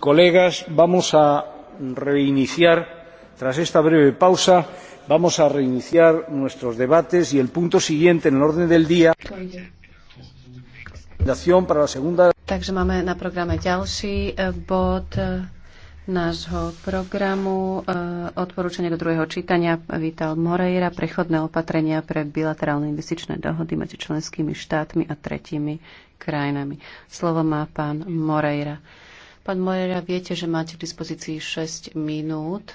colegas, vamos a reiniciar, tras esta breve pausa, vamos a reiniciar nuestros debates y el punto siguiente en el orden del día. Takže máme na programe ďalší eh, bod eh, nášho programu eh, odporúčanie do druhého čítania Vital Moreira prechodné opatrenia pre bilaterálne investičné dohody medzi členskými štátmi a tretími krajinami. Slovo má pán Moreira. Pán Mojera, viete, že máte k dispozícii 6 minút.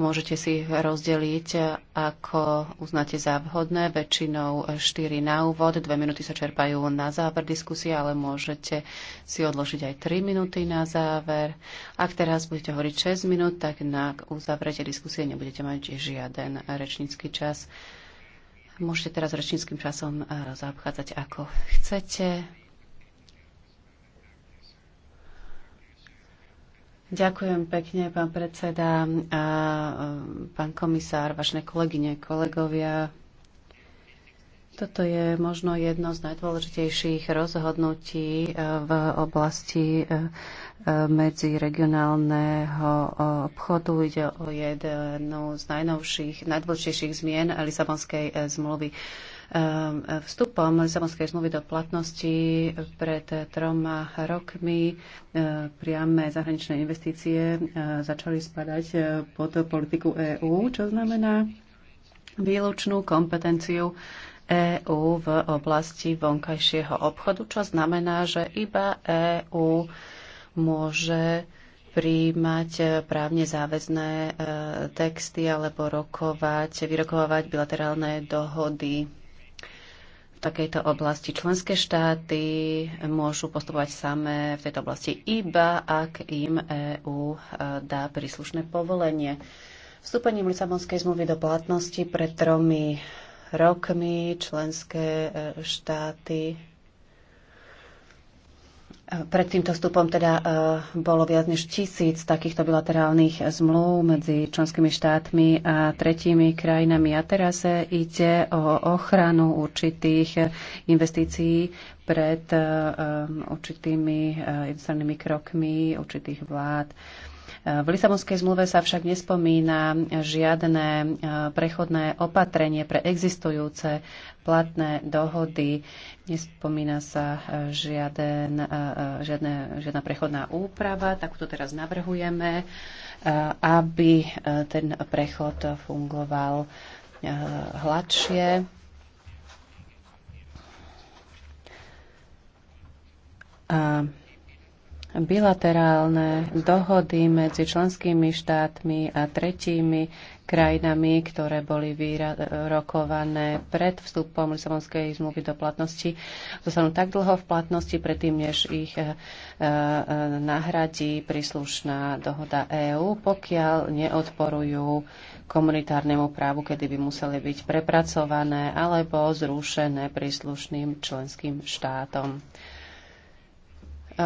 Môžete si ich rozdeliť, ako uznáte za vhodné. Väčšinou 4 na úvod, 2 minúty sa čerpajú na záver diskusie, ale môžete si odložiť aj 3 minúty na záver. Ak teraz budete hovoriť 6 minút, tak na uzavretie diskusie nebudete mať žiaden rečnícky čas. Môžete teraz rečníckým časom eh, zaobchádzať ako chcete. Ďakujem pekne, pán predseda, a pán komisár, vaše kolegyne, kolegovia. Toto je možno jedno z najdôležitejších rozhodnutí e, v oblasti e, e, medziregionálneho obchodu. Ide o jednu z najnovších, najdôležitejších zmien Lisabonskej zmluvy. Ehm, vstupom Lisabonskej zmluvy do platnosti pred troma rokmi ehm, priame zahraničné investície ehm, začali spadať pod politiku EÚ, čo znamená výlučnú kompetenciu EÚ v oblasti vonkajšieho obchodu, čo znamená, že iba EÚ môže príjmať právne záväzné texty alebo rokovať, vyrokovať bilaterálne dohody v takejto oblasti. Členské štáty môžu postupovať samé v tejto oblasti iba, ak im EÚ e, dá príslušné povolenie. Vstúpením Lisabonskej zmluvy do platnosti pred tromi rokmi členské e, štáty pred týmto vstupom teda e, bolo viac než tisíc takýchto bilaterálnych zmluv medzi členskými štátmi a tretími krajinami. A teraz e, ide o ochranu určitých investícií pred e, určitými jednostrannými krokmi určitých vlád. V Lisabonskej zmluve sa však nespomína žiadne e, prechodné opatrenie pre existujúce platné dohody, nespomína sa e, žiaden, e, žiadne, žiadna prechodná úprava, tak to teraz navrhujeme, aby ten prechod fungoval hladšie. A bilaterálne dohody medzi členskými štátmi a tretími krajinami, ktoré boli vyrokované pred vstupom Lisabonskej zmluvy do platnosti, zostanú tak dlho v platnosti predtým, než ich e, e, nahradí príslušná dohoda EÚ, pokiaľ neodporujú komunitárnemu právu, kedy by museli byť prepracované alebo zrušené príslušným členským štátom. E,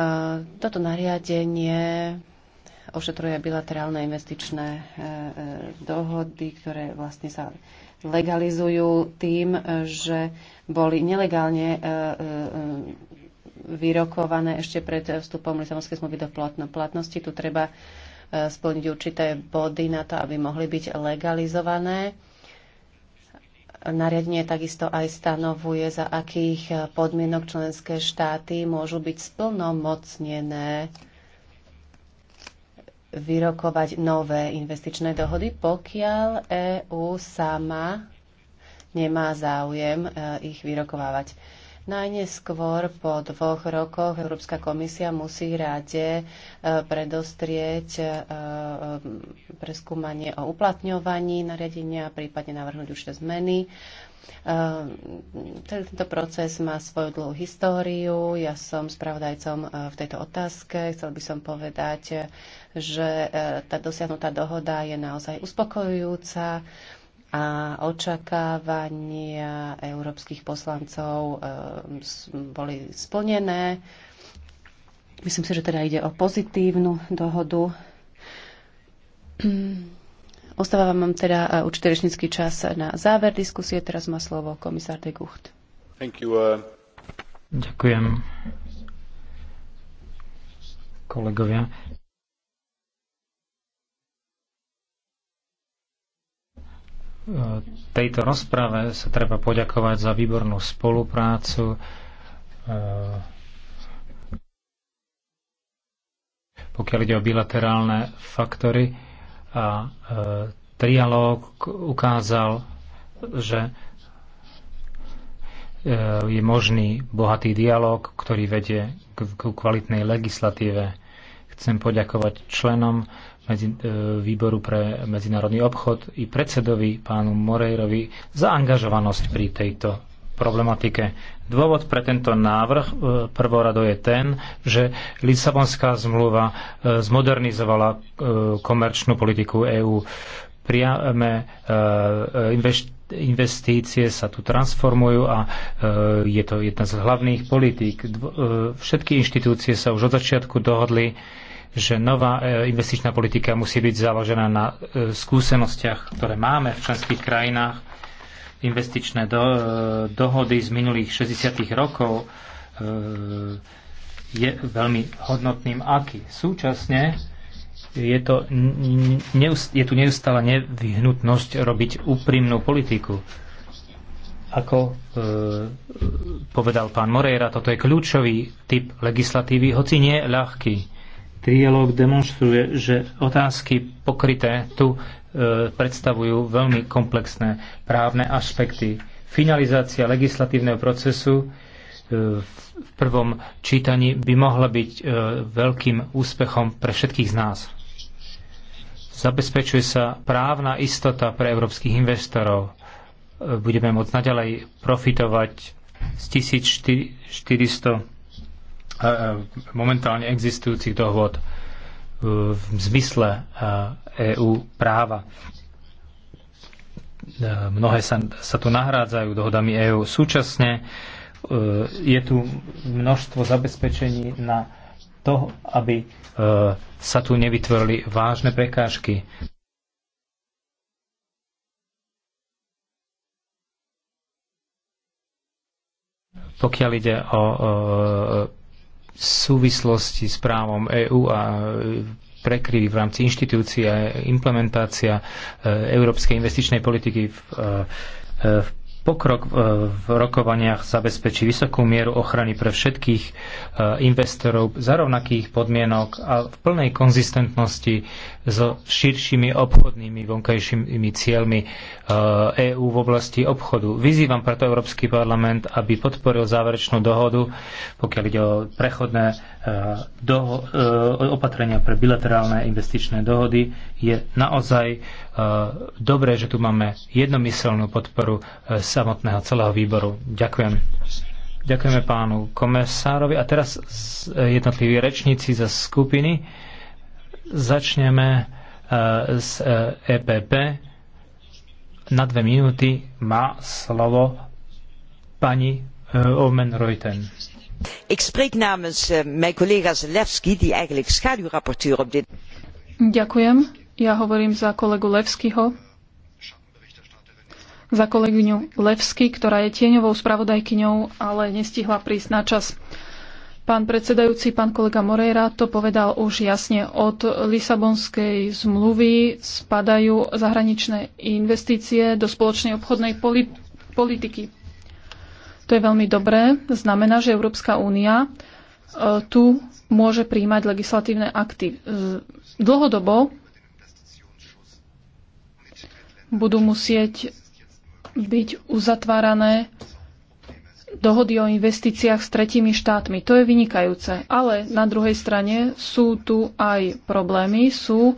toto nariadenie ošetruje bilaterálne investičné e, e, dohody, ktoré vlastne sa legalizujú tým, že boli nelegálne vyrokované ešte pred vstupom Lisabonskej zmluvy do platnosti. Tu treba splniť určité body na to, aby mohli byť legalizované. Nariadenie takisto aj stanovuje, za akých podmienok členské štáty môžu byť splnomocnené vyrokovať nové investičné dohody, pokiaľ EÚ sama nemá záujem eh, ich vyrokovávať. Najneskôr po dvoch rokoch Európska komisia musí ráde e, predostrieť e, e, preskúmanie o uplatňovaní nariadenia, prípadne navrhnúť určité zmeny. Celý tento proces má svoju dlhú históriu. Ja som spravodajcom v tejto otázke. Chcel by som povedať, že tá dosiahnutá dohoda je naozaj uspokojujúca a očakávania európskych poslancov e, boli splnené. Myslím si, že teda ide o pozitívnu dohodu. Ostáva vám teda e, určitý čas na záver diskusie. Teraz má slovo komisár de Gucht. Thank you, uh... Ďakujem. Kolegovia, tejto rozprave sa treba poďakovať za výbornú spoluprácu. Eh, pokiaľ ide o bilaterálne faktory a eh, trialóg ukázal, že eh, je možný bohatý dialog, ktorý vedie k kvalitnej legislatíve. Chcem poďakovať členom medzi, e, výboru pre medzinárodný obchod i predsedovi pánu Morejrovi za angažovanosť pri tejto problematike. Dôvod pre tento návrh e, prvorado je ten, že Lisabonská zmluva e, zmodernizovala komerčnú politiku EÚ. Priame investície sa tu transformujú a je to jedna z hlavných politík. Všetky inštitúcie sa už od začiatku dohodli, že nová e, investičná politika musí byť založená na e, skúsenostiach, ktoré máme v členských krajinách. Investičné do, e, dohody z minulých 60. rokov je veľmi hodnotným aký. Súčasne je, to, je tu neustále nevyhnutnosť robiť úprimnú politiku. Ako e, povedal pán Moreira, toto je kľúčový typ legislatívy, hoci nie ľahký Trialóg demonstruje, že otázky pokryté tu e, predstavujú veľmi komplexné právne aspekty. Finalizácia legislatívneho procesu e, v prvom čítaní by mohla byť e, veľkým úspechom pre všetkých z nás. Zabezpečuje sa právna istota pre európskych investorov. Budeme môcť naďalej profitovať z 1400 momentálne existujúcich dohôd e, v zmysle EÚ e práva. E, mnohé sa, sa tu nahrádzajú dohodami EÚ. Súčasne je tu množstvo zabezpečení na to, aby sa tu nevytvorili vážne prekážky. Pokiaľ ide o súvislosti s právom EÚ a e, prekryvy v rámci inštitúcií a implementácia e, Európskej investičnej politiky v, e, v Pokrok e, v rokovaniach zabezpečí vysokú mieru ochrany pre všetkých e, investorov za rovnakých podmienok a v plnej konzistentnosti so širšími obchodnými vonkajšími cieľmi EÚ e v oblasti obchodu. Vyzývam preto Európsky parlament, aby podporil záverečnú dohodu, pokiaľ ide o prechodné doho- opatrenia pre bilaterálne investičné dohody. Je naozaj dobré, že tu máme jednomyselnú podporu z samotného celého výboru. Ďakujem. Ďakujeme pánu komisárovi. A teraz jednotliví rečníci za skupiny. Začneme z e, EPP. E Na dve minúty má slovo pani e, Omen Reuten. Ik spreek namens mijn collega Zelewski, die eigenlijk schaduwrapporteur op dit... Ďakujem. Ja hovorím za kolegu Levskyho, za kolegyňu Levsky, ktorá je tieňovou spravodajkyňou, ale nestihla prísť na čas. Pán predsedajúci, pán kolega Moreira to povedal už jasne. Od Lisabonskej zmluvy spadajú zahraničné investície do spoločnej obchodnej politiky. To je veľmi dobré. Znamená, že Európska únia e, tu môže príjmať legislatívne akty. E, dlhodobo budú musieť byť uzatvárané dohody o investíciách s tretími štátmi. To je vynikajúce. Ale na druhej strane sú tu aj problémy. Sú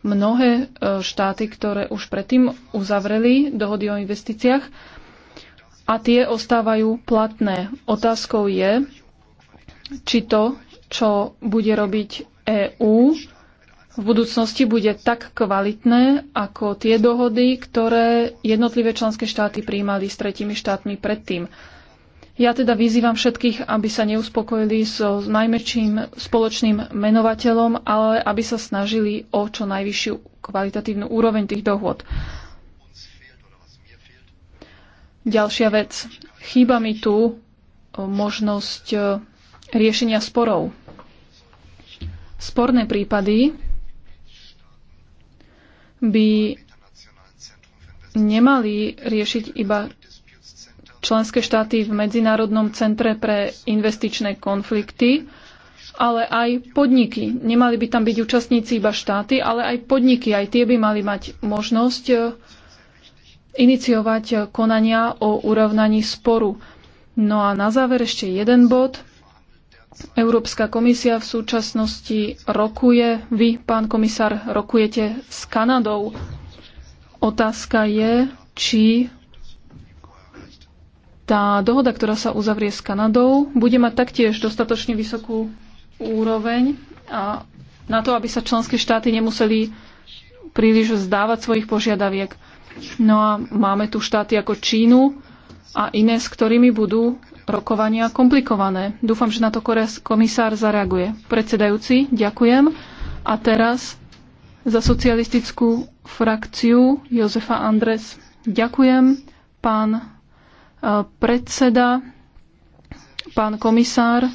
mnohé e, štáty, ktoré už predtým uzavreli dohody o investíciách a tie ostávajú platné. Otázkou je, či to, čo bude robiť EÚ, v budúcnosti bude tak kvalitné ako tie dohody, ktoré jednotlivé členské štáty príjmali s tretími štátmi predtým. Ja teda vyzývam všetkých, aby sa neuspokojili so najmäčším spoločným menovateľom, ale aby sa snažili o čo najvyššiu kvalitatívnu úroveň tých dohod. Ďalšia vec. Chýba mi tu e, možnosť e, riešenia sporov. Sporné prípady by nemali riešiť iba členské štáty v Medzinárodnom centre pre investičné konflikty, ale aj podniky. Nemali by tam byť účastníci iba štáty, ale aj podniky. Aj tie by mali mať možnosť iniciovať konania o urovnaní sporu. No a na záver ešte jeden bod. Európska komisia v súčasnosti rokuje, vy, pán komisár, rokujete s Kanadou. Otázka je, či tá dohoda, ktorá sa uzavrie s Kanadou, bude mať taktiež dostatočne vysokú úroveň a na to, aby sa členské štáty nemuseli príliš zdávať svojich požiadaviek. No a máme tu štáty ako Čínu a iné, s ktorými budú rokovania komplikované. Dúfam, že na to komisár zareaguje. Predsedajúci, ďakujem. A teraz za socialistickú frakciu Jozefa Andres. Ďakujem, pán e, predseda, pán komisár.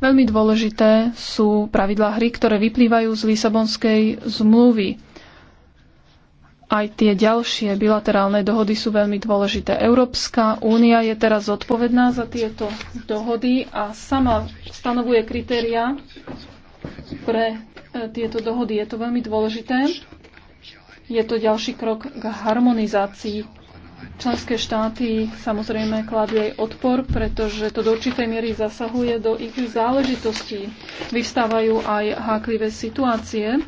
Veľmi dôležité sú pravidlá hry, ktoré vyplývajú z Lisabonskej zmluvy aj tie ďalšie bilaterálne dohody sú veľmi dôležité. Európska únia je teraz zodpovedná za tieto dohody a sama stanovuje kritéria pre e, tieto dohody. Je to veľmi dôležité. Je to ďalší krok k harmonizácii. Členské štáty samozrejme kladú aj odpor, pretože to do určitej miery zasahuje do ich záležitostí. Vyvstávajú aj háklivé situácie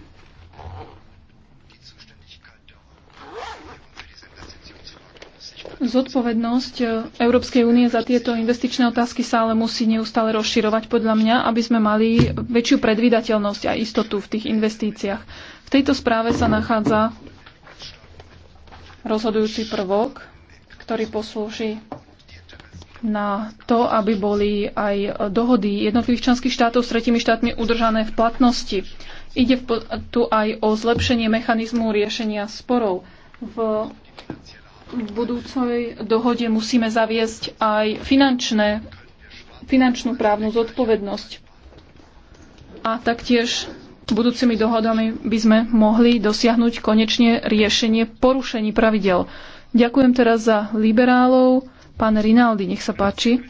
Zodpovednosť e, Európskej únie za tieto investičné otázky sa ale musí neustále rozširovať podľa mňa, aby sme mali väčšiu predvydateľnosť a istotu v tých investíciách. V tejto správe sa nachádza rozhodujúci prvok, ktorý poslúži na to, aby boli aj dohody jednotlivých členských štátov s tretimi štátmi udržané v platnosti. Ide tu aj o zlepšenie mechanizmu riešenia sporov. V v budúcej dohode musíme zaviesť aj finančné, finančnú právnu zodpovednosť. A taktiež budúcimi dohodami by sme mohli dosiahnuť konečne riešenie porušení pravidel. Ďakujem teraz za liberálov. Pán Rinaldi, nech sa páči.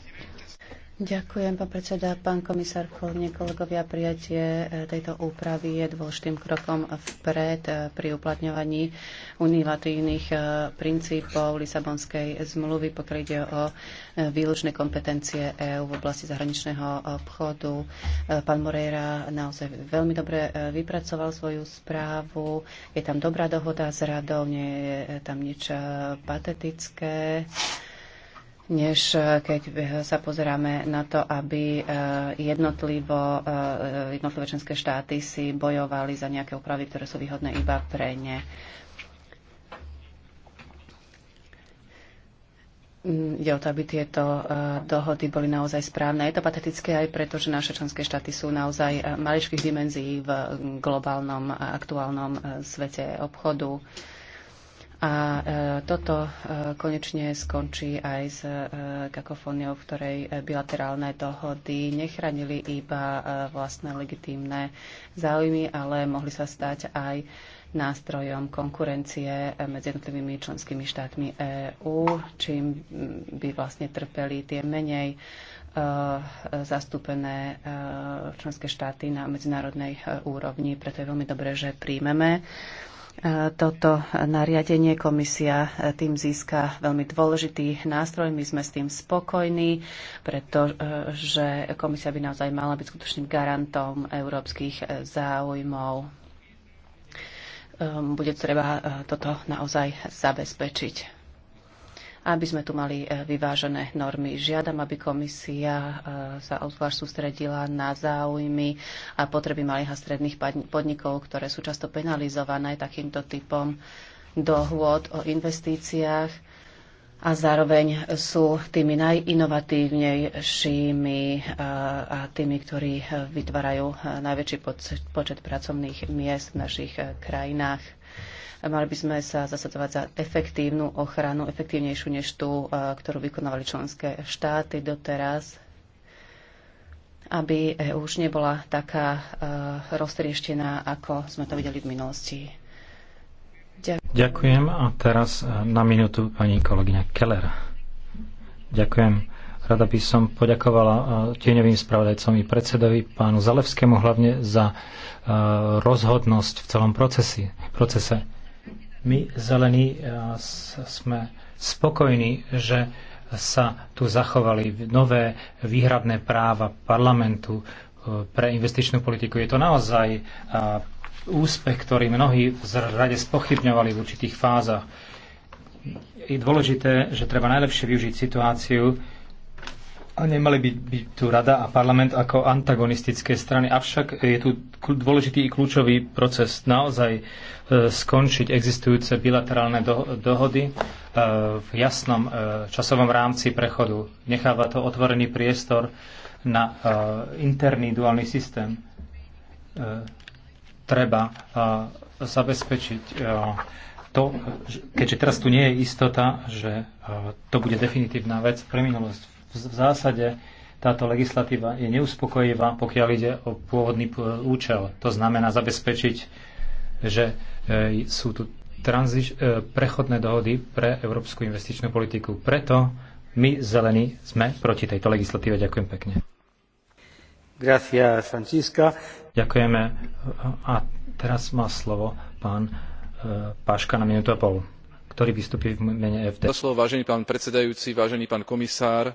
Ďakujem, pán predseda. Pán komisár, kolegyne, kolegovia, prijatie e, tejto úpravy je dôležitým krokom vpred e, pri uplatňovaní unilatívnych e, princípov Lisabonskej zmluvy, pokiaľ ide o výlučné kompetencie EÚ v oblasti zahraničného obchodu. Pán Moreira naozaj veľmi dobre vypracoval svoju správu. Je tam dobrá dohoda s radou, nie je tam nič patetické než eh, keď eh, sa pozeráme na to, aby eh, jednotlivo, jednotlivé členské štáty si bojovali za nejaké úpravy, ktoré sú výhodné iba pre ne. Je mm, o to, aby tieto dohody boli naozaj správne. Je to patetické aj preto, že naše členské štáty sú naozaj maličkých dimenzií v globálnom a aktuálnom svete obchodu a e, toto e, konečne skončí aj s e, kakofóniou, v ktorej bilaterálne dohody nechránili iba vlastné legitímne záujmy, ale mohli sa stať aj nástrojom konkurencie medzi jednotlivými členskými štátmi EÚ, čím by vlastne trpeli tie menej zastúpené členské štáty na medzinárodnej úrovni. Preto je veľmi dobré, že príjmeme toto nariadenie. Komisia e, tým získa veľmi dôležitý nástroj. My sme s tým spokojní, pretože komisia by naozaj mala byť skutočným garantom európskych e, záujmov. E, bude treba toto naozaj zabezpečiť aby sme tu mali eh, vyvážené normy. Žiadam, aby komisia eh, sa obzvlášť sústredila na záujmy a potreby malých a stredných podnikov, ktoré sú často penalizované takýmto typom dohôd o investíciách a zároveň sú tými najinovatívnejšími eh, a tými, ktorí vytvárajú najväčší počet pracovných miest v našich krajinách. Mali by sme sa zasadovať za efektívnu ochranu, efektívnejšiu než tú, e, ktorú vykonávali členské štáty doteraz aby EU už nebola taká e, roztrieštená, ako sme to videli v minulosti. Ďakujem. Ďakujem. A teraz e, na minútu pani kolegyňa Keller. Ďakujem. Rada by som poďakovala tieňovým spravodajcom i predsedovi pánu Zalevskému hlavne za rozhodnosť v celom procese. My zelení e, sme spokojní, že sa tu zachovali nové výhradné práva parlamentu e, pre investičnú politiku. Je to naozaj e, úspech, ktorý mnohí v rade spochybňovali v určitých fázach. Je dôležité, že treba najlepšie využiť situáciu, a nemali by byť tu rada a parlament ako antagonistické strany. Avšak je tu dôležitý i kľúčový proces naozaj e, skončiť existujúce bilaterálne do, dohody e, v jasnom e, časovom rámci prechodu. Necháva to otvorený priestor na interný duálny systém. Treba zabezpečiť to, keďže teraz tu nie je istota, že to bude definitívna vec pre minulosť v zásade táto legislatíva je neuspokojivá, pokiaľ ide o pôvodný e, účel. To znamená zabezpečiť, že e, sú tu transič, e, prechodné dohody pre Európsku investičnú politiku. Preto my, zelení, sme proti tejto legislatíve. Ďakujem pekne. Gracias, Francisca. Ďakujeme. A teraz má slovo pán Paška na minútu a pol, ktorý vystupí v mene FD. Slovo, vážený pán predsedajúci, vážený pán komisár,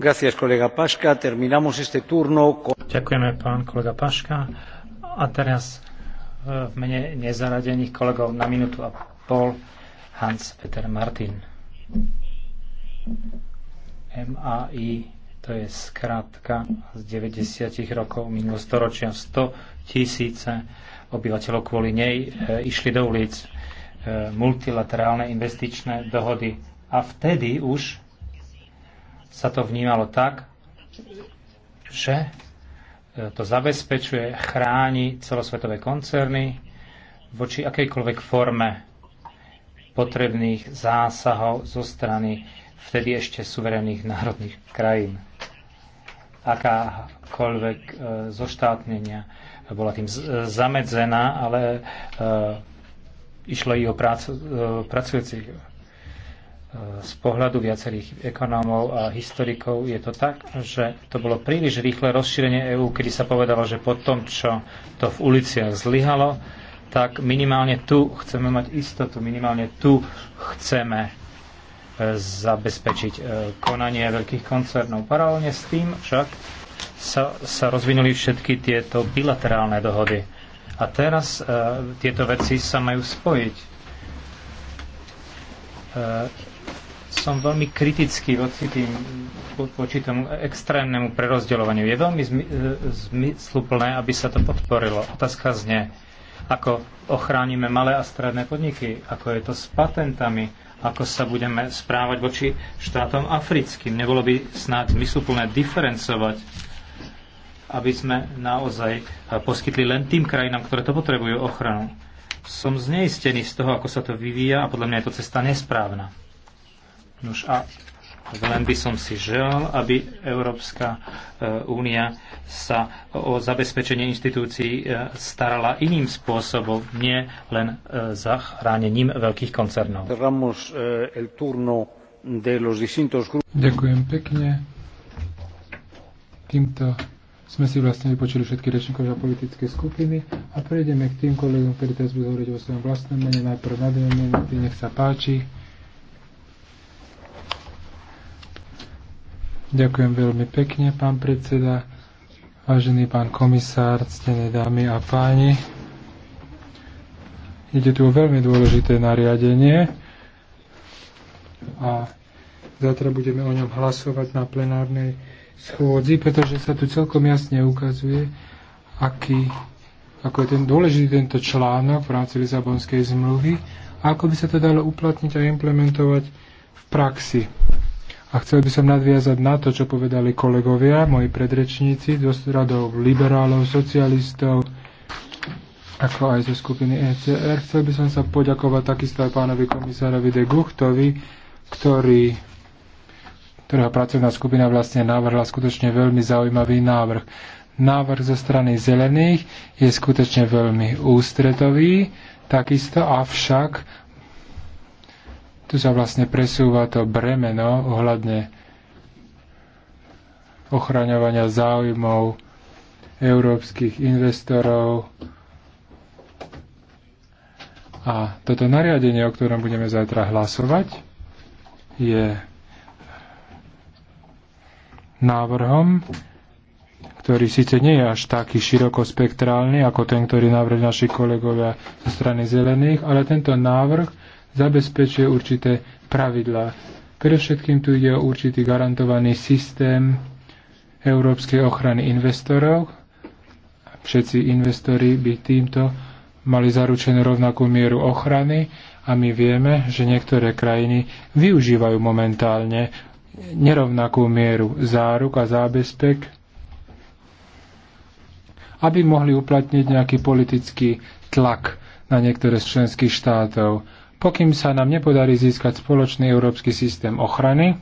Gracias, Ďakujeme, pán kolega Paška. A teraz e, v mene nezaradených kolegov na minútu a pol Hans-Peter Martin. MAI to je skrátka z 90. rokov minulého storočia 100 tisíce obyvateľov kvôli nej e, išli do ulic e, multilaterálne investičné dohody. A vtedy už sa to vnímalo tak, že e, to zabezpečuje, chráni celosvetové koncerny voči akejkoľvek forme potrebných zásahov zo strany vtedy ešte suverénnych národných krajín. Akákoľvek e, zoštátnenia bola tým e, zamedzená, ale e, išlo i o prácu, e, pracujúcich z pohľadu viacerých ekonómov a historikov je to tak, že to bolo príliš rýchle rozšírenie EÚ, kedy sa povedalo, že po tom, čo to v uliciach zlyhalo, tak minimálne tu chceme mať istotu, minimálne tu chceme e, zabezpečiť e, konanie veľkých koncernov. Paralelne s tým však sa, sa rozvinuli všetky tieto bilaterálne dohody. A teraz uh, tieto veci sa majú spojiť som veľmi kritický voči, tým, voči tomu extrémnemu prerozdeľovaniu. Je veľmi e, zmysluplné, aby sa to podporilo. Otázka znie, ako ochránime malé a stredné podniky, ako je to s patentami, ako sa budeme správať voči štátom africkým. Nebolo by snáď zmysluplné diferencovať, aby sme naozaj e, poskytli len tým krajinám, ktoré to potrebujú ochranu. Som zneistený z toho, ako sa to vyvíja a podľa mňa je to cesta nesprávna. Nož a len by som si želal, aby Európska e, únia sa o zabezpečenie inštitúcií e, starala iným spôsobom, nie len e, zachránením veľkých koncernov. Ďakujem pekne. Týmto sme si vlastne vypočuli všetky rečníkov a politické skupiny a prejdeme k tým kolegom, ktorí teraz budú hovoriť o svojom vlastnom mene. Najprv na dve minúty, nech sa páči. Ďakujem veľmi pekne, pán predseda, vážený pán komisár, ctené dámy a páni. Ide tu o veľmi dôležité nariadenie a zatra budeme o ňom hlasovať na plenárnej schôdzi, pretože sa tu celkom jasne ukazuje, aký, ako je ten dôležitý tento článok v rámci Lisabonskej zmluvy a ako by sa to dalo uplatniť a implementovať v praxi. A chcel by som nadviazať na to, čo povedali kolegovia, moji predrečníci, zo radov liberálov, socialistov, ako aj zo skupiny ECR. Chcel by som sa poďakovať takisto aj pánovi komisárovi de Guchtovi, ktorý ktorého pracovná skupina vlastne navrhla skutočne veľmi zaujímavý návrh. Návrh zo strany zelených je skutočne veľmi ústretový, takisto avšak tu sa vlastne presúva to bremeno ohľadne ochraňovania záujmov európskych investorov. A toto nariadenie, o ktorom budeme zajtra hlasovať, je návrhom, ktorý síce nie je až taký širokospektrálny ako ten, ktorý navrhli naši kolegovia zo strany zelených, ale tento návrh zabezpečuje určité pravidlá. Predovšetkým tu ide o určitý garantovaný systém európskej ochrany investorov. Všetci investori by týmto mali zaručenú rovnakú mieru ochrany a my vieme, že niektoré krajiny využívajú momentálne nerovnakú mieru záruk a zábezpek, aby mohli uplatniť nejaký politický tlak na niektoré z členských štátov pokým sa nám nepodarí získať spoločný európsky systém ochrany,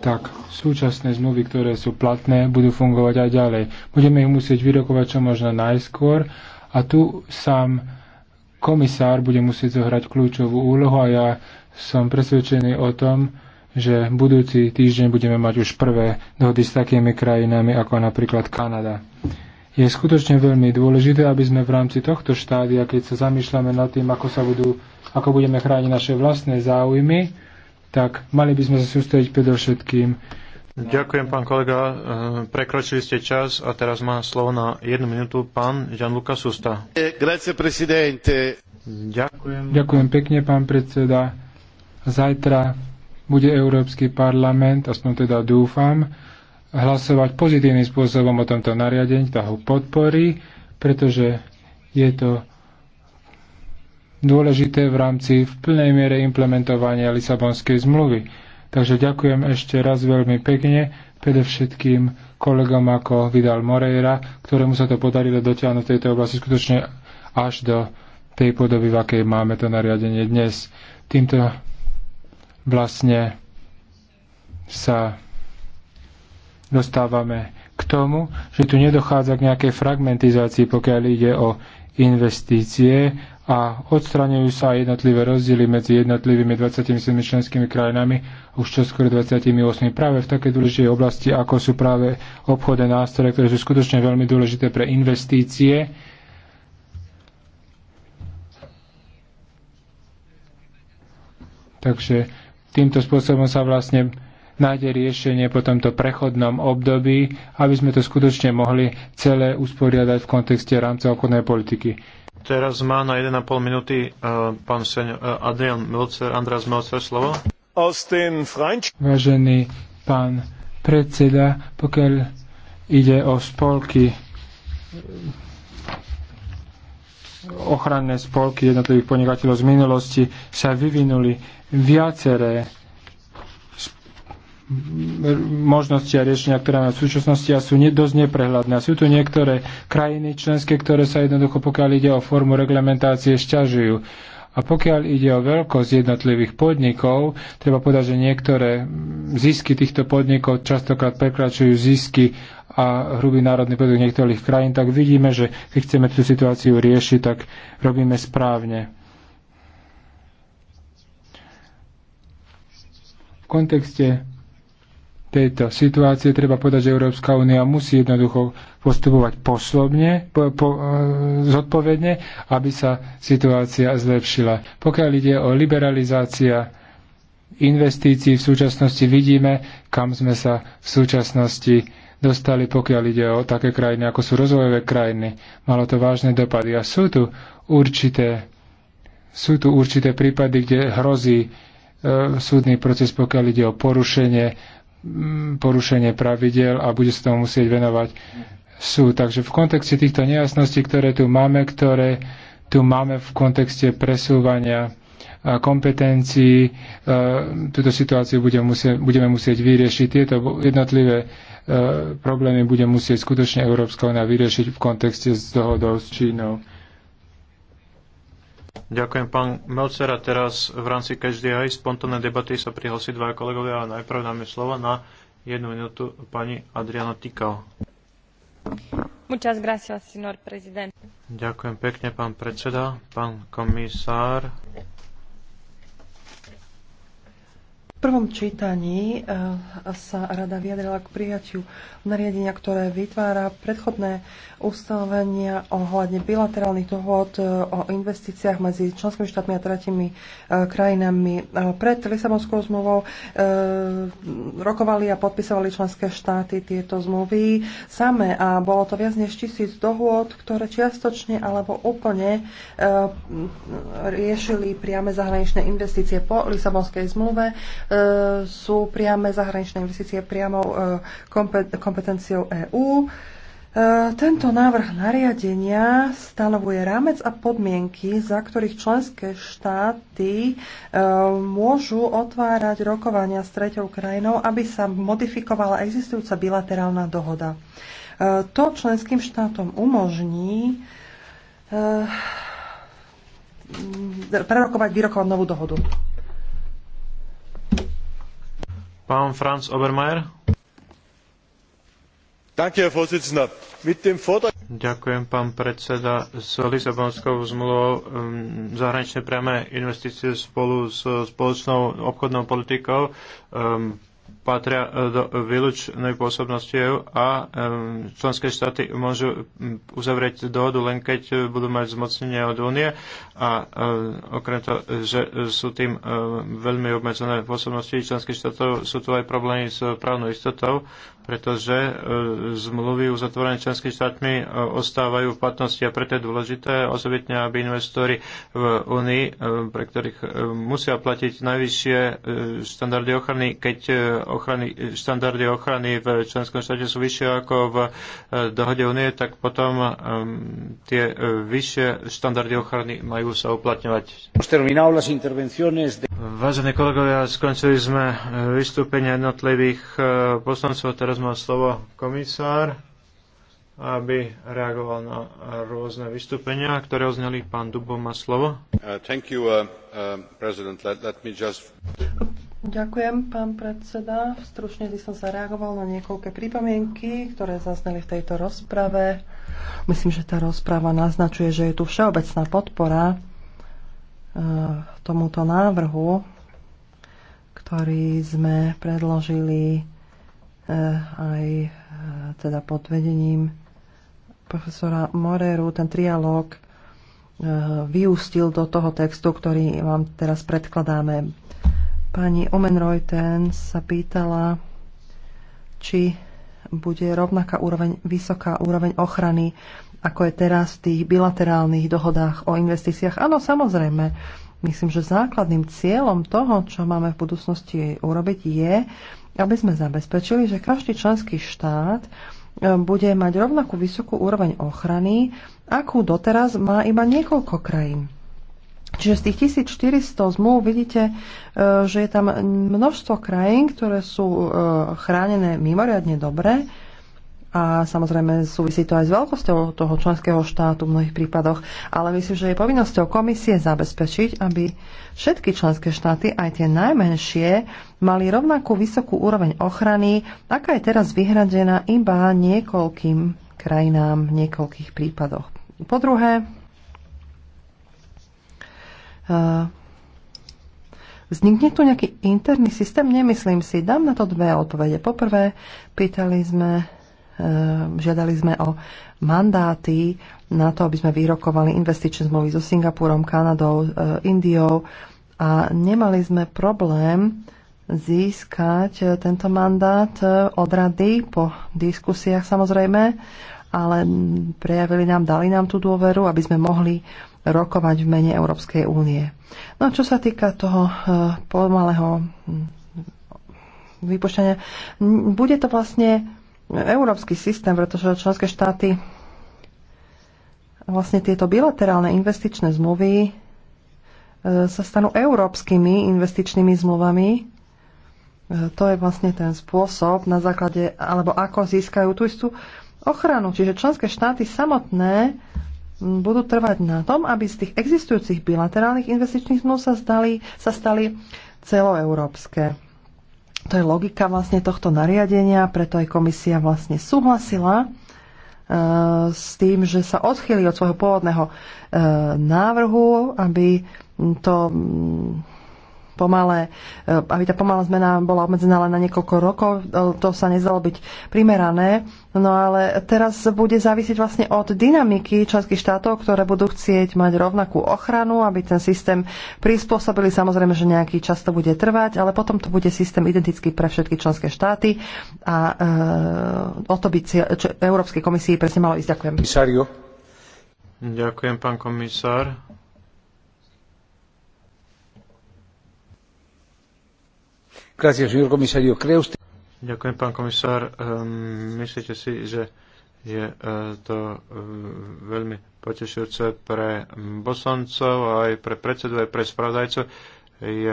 tak súčasné zmluvy, ktoré sú platné, budú fungovať aj ďalej. Budeme ich musieť vyrokovať čo možno najskôr a tu sám komisár bude musieť zohrať kľúčovú úlohu a ja som presvedčený o tom, že budúci týždeň budeme mať už prvé dohody s takými krajinami ako napríklad Kanada je skutočne veľmi dôležité, aby sme v rámci tohto štádia, keď sa zamýšľame nad tým, ako, sa budú, ako budeme chrániť naše vlastné záujmy, tak mali by sme sa sústrediť predovšetkým. Ďakujem, pán kolega. E, prekročili ste čas a teraz má slovo na jednu minútu pán Gianluca Susta. Ďakujem. Ďakujem pekne, pán predseda. Zajtra bude Európsky parlament, aspoň teda dúfam, hlasovať pozitívnym spôsobom o tomto nariadení, tá ho podporí, pretože je to dôležité v rámci v plnej miere implementovania Lisabonskej zmluvy. Takže ďakujem ešte raz veľmi pekne, predovšetkým kolegom ako Vidal Moreira, ktorému sa to podarilo dotiahnuť v tejto oblasti skutočne až do tej podoby, v akej máme to nariadenie dnes. Týmto vlastne sa dostávame k tomu, že tu nedochádza k nejakej fragmentizácii, pokiaľ ide o investície a odstraňujú sa aj jednotlivé rozdiely medzi jednotlivými 27 členskými krajinami, už skôr 28 práve v takej dôležitej oblasti, ako sú práve obchodné nástroje, ktoré sú skutočne veľmi dôležité pre investície. Takže týmto spôsobom sa vlastne nájde riešenie po tomto prechodnom období, aby sme to skutočne mohli celé usporiadať v kontexte rámca obchodnej politiky. Teraz má na 1,5 minúty uh, pán sen, uh, e, Adrian Milcer, András Milcer slovo. Vážený pán predseda, pokiaľ ide o spolky ochranné spolky jednotlivých podnikateľov z minulosti sa vyvinuli viaceré možnosti a riešenia, ktoré máme v súčasnosti a sú ne, dosť neprehľadné. Sú tu niektoré krajiny členské, ktoré sa jednoducho, pokiaľ ide o formu reglementácie, šťažujú. A pokiaľ ide o veľkosť jednotlivých podnikov, treba povedať, že niektoré zisky týchto podnikov častokrát prekračujú zisky a hrubý národný produkt niektorých krajín, tak vidíme, že keď chceme tú situáciu riešiť, tak robíme správne. V kontexte tejto situácie treba povedať, že Európska únia musí jednoducho postupovať poslovne, po, po, e, zodpovedne, aby sa situácia zlepšila. Pokiaľ ide o liberalizácia investícií, v súčasnosti vidíme, kam sme sa v súčasnosti dostali, pokiaľ ide o také krajiny, ako sú rozvojové krajiny. Malo to vážne dopady a sú tu určité, sú tu určité prípady, kde hrozí e, súdny proces, pokiaľ ide o porušenie Mm, porušenie pravidel a bude sa tomu musieť venovať sú. Takže v kontexte týchto nejasností, ktoré tu máme, ktoré tu máme v kontexte presúvania kompetencií, e, túto situáciu budeme musieť, budeme musieť vyriešiť. Tieto jednotlivé e, problémy bude musieť skutočne Európska únia vyriešiť v kontexte s dohodou s Čínou. Ďakujem, pán Melcer. A teraz v rámci každej aj spontánnej debaty sa prihlási dva kolegovia a najprv dáme slovo na jednu minútu pani Adriana Tikal. Gracias, Ďakujem pekne, pán predseda, pán komisár. prvom čítaní eh, sa rada vyjadrila k prijatiu nariadenia, ktoré vytvára predchodné ustanovenia ohľadne bilaterálnych dohod eh, o investíciách medzi členskými štátmi a tretimi eh, krajinami. Pred Lisabonskou zmluvou rokovali a podpisovali členské štáty tieto zmluvy samé a bolo to viac než tisíc dohôd, ktoré čiastočne alebo úplne riešili priame zahraničné investície po Lisabonskej zmluve E, sú priame zahraničné investície priamou e, kompetenciou EÚ. E, tento návrh nariadenia stanovuje rámec a podmienky, za ktorých členské štáty môžu otvárať rokovania s treťou krajinou, aby sa modifikovala existujúca bilaterálna dohoda. To členským štátom umožní prerokovať, vyrokovať novú dohodu. Ďakujem, pán predseda. S Lisabonskou zmluvou um, zahraničné priame investície spolu s spoločnou obchodnou politikou um, patria e, do výlučnej pôsobnosti EU a e, členské štáty môžu uzavrieť dohodu len keď e, budú mať zmocnenie od únie a okrem toho, že sú tým veľmi obmedzené pôsobnosti členských štátov, sú tu aj problémy s právnou istotou pretože e, zmluvy uzatvorené členskými štátmi e, ostávajú v platnosti a preto je dôležité osobitne, aby investori v Únii, e, pre ktorých musia platiť najvyššie štandardy ochrany, keď ochrany, štandardy ochrany v členskom štáte sú vyššie ako v dohode Únie, tak potom tie vyššie štandardy ochrany majú sa uplatňovať. Vážení kolegovia, skončili sme e, vystúpenie jednotlivých e, poslancov. Teraz má slovo komisár, aby reagoval na rôzne vystúpenia, ktoré ozneli. Pán Dubo má slovo. Uh, uh, uh, Ďakujem, pán predseda. Stručne by som zareagoval na niekoľké pripomienky, ktoré zazneli v tejto rozprave. Myslím, že tá rozpráva naznačuje, že je tu všeobecná podpora E, tomuto návrhu, ktorý sme predložili e, aj e, teda pod vedením profesora Moreru. Ten trialóg vyústil do toho textu, ktorý vám teraz predkladáme. Pani Omenrojten sa pýtala, či bude rovnaká úroveň, vysoká úroveň ochrany, ako je teraz v tých bilaterálnych dohodách o investíciách. Áno, samozrejme, myslím, že základným cieľom toho, čo máme v budúcnosti urobiť, je, aby sme zabezpečili, že každý členský štát e, bude mať rovnakú vysokú úroveň ochrany, akú doteraz má iba niekoľko krajín. Čiže z tých 1400 zmluv vidíte, e, že je tam množstvo krajín, ktoré sú e, chránené mimoriadne dobre a samozrejme súvisí to aj s veľkosťou toho členského štátu v mnohých prípadoch, ale myslím, že je povinnosťou komisie zabezpečiť, aby všetky členské štáty, aj tie najmenšie, mali rovnakú vysokú úroveň ochrany, aká je teraz vyhradená iba niekoľkým krajinám v niekoľkých prípadoch. Po druhé, Eh, vznikne tu nejaký interný systém? Nemyslím si. Dám na to dve odpovede. Poprvé, pýtali sme, eh, žiadali sme o mandáty na to, aby sme vyrokovali investičné zmluvy so Singapurom, Kanadou, eh, Indiou a nemali sme problém získať tento mandát od rady po diskusiách samozrejme, ale prejavili nám, dali nám tú dôveru, aby sme mohli rokovať v mene Európskej únie. No a čo sa týka toho eh, pomalého mm, vypušťania, bude to vlastne európsky systém, pretože členské štáty vlastne tieto bilaterálne investičné zmluvy eh, sa stanú európskymi investičnými zmluvami. Eh, to je vlastne ten spôsob, na základe, alebo ako získajú tú istú ochranu. Čiže členské štáty samotné budú trvať na tom, aby z tých existujúcich bilaterálnych investičných zmluv sa, zdali, sa stali celoeurópske. To je logika vlastne tohto nariadenia, preto aj komisia vlastne súhlasila e, s tým, že sa odchýli od svojho pôvodného e, návrhu, aby to pomalé, e, aby tá pomalá zmena bola obmedzená len na niekoľko rokov, e, to sa nezdalo byť primerané. No ale teraz bude závisieť vlastne od dynamiky členských štátov, ktoré budú chcieť mať rovnakú ochranu, aby ten systém prispôsobili. Samozrejme, že nejaký čas to bude trvať, ale potom to bude systém identický pre všetky členské štáty a e, o to by cieľ, čo, Európskej komisii presne malo ísť. Ďakujem. Ďakujem, pán komisár. Ďakujem, pán komisár. Ehm, myslíte si, že je eh, to eh, veľmi potešujúce pre bosoncov, aj pre predsedu, aj pre spravodajcov. Je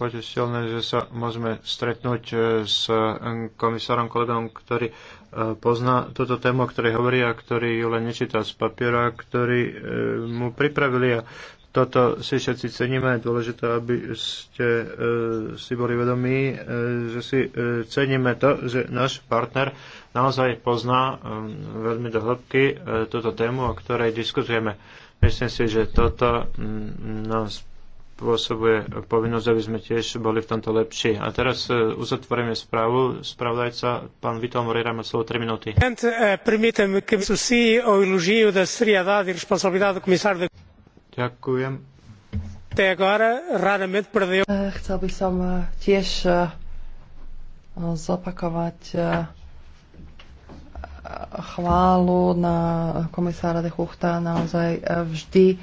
potešiteľné, že sa môžeme stretnúť eh, s komisárom, kolegom, ktorý pozná túto tému, o ktorej hovorí a ktorý ju len nečíta z papiera, ktorý mu pripravili a toto si všetci ceníme, je dôležité, aby ste e, si boli vedomí, e, že si e, ceníme to, že náš partner naozaj pozná e, veľmi do hĺbky e, túto tému, o ktorej diskutujeme. Myslím si, že toto nám mm, nás spôsobuje povinnosť, aby sme tiež boli v tomto lepší. A teraz e, uzatvoríme správu. Spravodajca, pán Vital Morera, má slovo 3 minúty. Ďakujem. Eh, chcel by som eh, tiež eh, zopakovať chválu na komisára de Chuchta naozaj vždy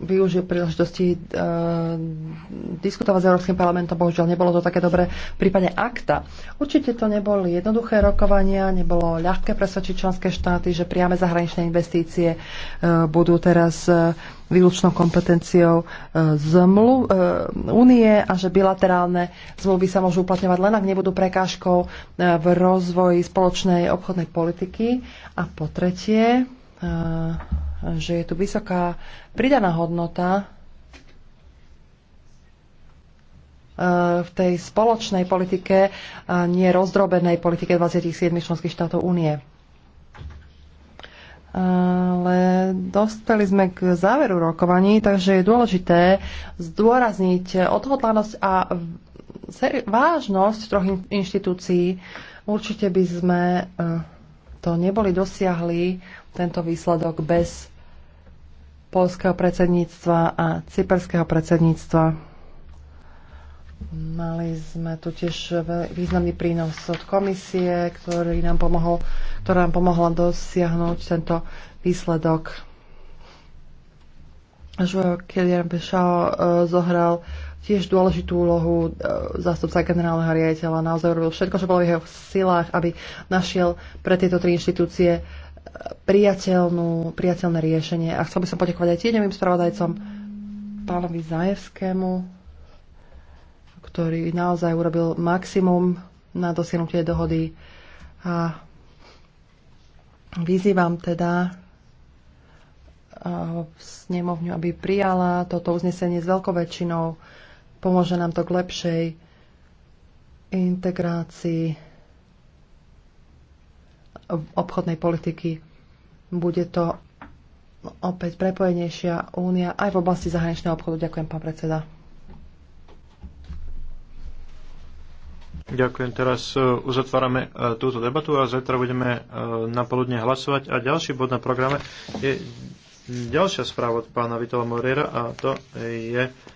využil príležitosti uh, diskutovať s Európskym parlamentom. Bohužiaľ, nebolo to také dobré v prípade akta. Určite to neboli jednoduché rokovania, nebolo ľahké presvedčiť členské štáty, že priame zahraničné investície uh, budú teraz uh, výlučnou kompetenciou zmluv únie a že bilaterálne zmluvy sa môžu uplatňovať len ak nebudú prekážkou uh, v rozvoji spoločnej obchodnej politiky. A po tretie, uh, že je tu vysoká pridaná hodnota e, v tej spoločnej politike, a e, nie rozdrobenej politike 27 členských štátov únie. Ale dostali sme k záveru rokovaní, takže je dôležité zdôrazniť odhodlanosť a vážnosť troch inštitúcií. Určite by sme e, to neboli dosiahli, tento výsledok, bez polského predsedníctva a cyperského predsedníctva. Mali sme tu tiež významný prínos od komisie, ktorý nám pomohol, ktorá nám pomohla dosiahnuť tento výsledok. Joao Kilian Bešao e, zohral tiež dôležitú úlohu e, zástupca generálneho riaditeľa. Naozaj robil všetko, čo bolo v jeho silách, aby našiel pre tieto tri inštitúcie priateľnú, priateľné riešenie. A chcel by som poďakovať aj tieňovým spravodajcom, pánovi Zajevskému, ktorý naozaj urobil maximum na dosiahnutie dohody. A vyzývam teda snemovňu, aby prijala toto uznesenie s veľkou väčšinou. Pomôže nám to k lepšej integrácii obchodnej politiky. Bude to opäť prepojenejšia únia aj v oblasti zahraničného obchodu. Ďakujem, pán predseda. Ďakujem. Teraz e, uzatvárame e, túto debatu a zajtra budeme e, na poludne hlasovať. A ďalší bod na programe je ďalšia správa od pána Vitola Morera a to je